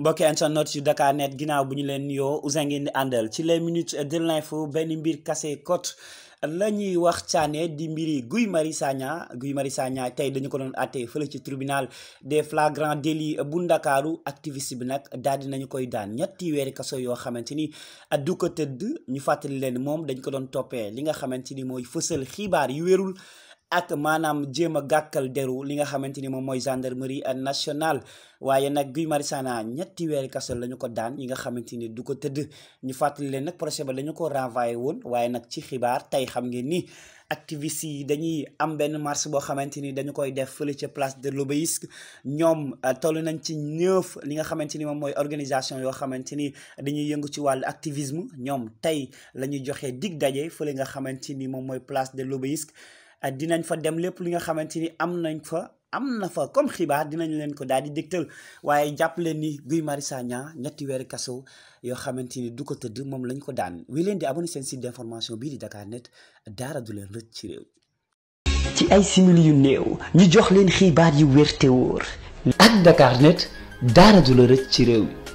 mbokki internet yu Dakar Net ginnaaw bu ñu leen nuyoo Ouzin ngeen di àndal ci les minutes de l'info benn mbir kase cote la ñuy waxtaanee di mbiri Guy Marius Sagna Guy Marius Sagna tey dañu ko doon ate fële ci tribunal des flagrants délits bu ndakaaru activiste bi nag daal di nañu koy daan ñetti weeri kaso yoo xamante ni du ko tëdd ñu fàttali leen moom dañ ko doon toppee li nga xamante ni mooy fësal xibaar yi wérul ak maanaam jéem a gàkkal deru li nga xamante ni moom mooy gendarmerie nationale waaye nag Guy Marius Sagna ñetti weeri kaso la ñu ko daan yi nga xamante ni du ko tëdd ñu fàttali leen nag procès ba ko renvoyé woon waaye nag ci xibaar tey xam ngeen ni activistes yi dañuy am benn marche boo xamante ni dañu koy def fële ca place de l'Obélisque ñoom euh, toll nañ ci neuf li nga xamante ni moom mooy organisation yoo xamante ni dañuy yëngu ci wàllu activisme ñoom tey la ñuy joxe dig daje fële nga xamante ni moom mooy place de l'Obélisque Euh, dinañ fa dem lépp li nga xamante ni am nañ fa am na fa comme xibaar dinañ leen ko daal di dégtal waaye jàpp leen ni Guy Marius Sagna ñetti weeri kaso yoo xamante ni du ko tëdd moom lañ ko daan wi leen di abonné seen site d'information bii di Dakarnet dara du leen rëcc ci ci ay simili yu néew ñu jox leen xibaar yu wér te wóor ak Dakarnet du la rëcc ci réew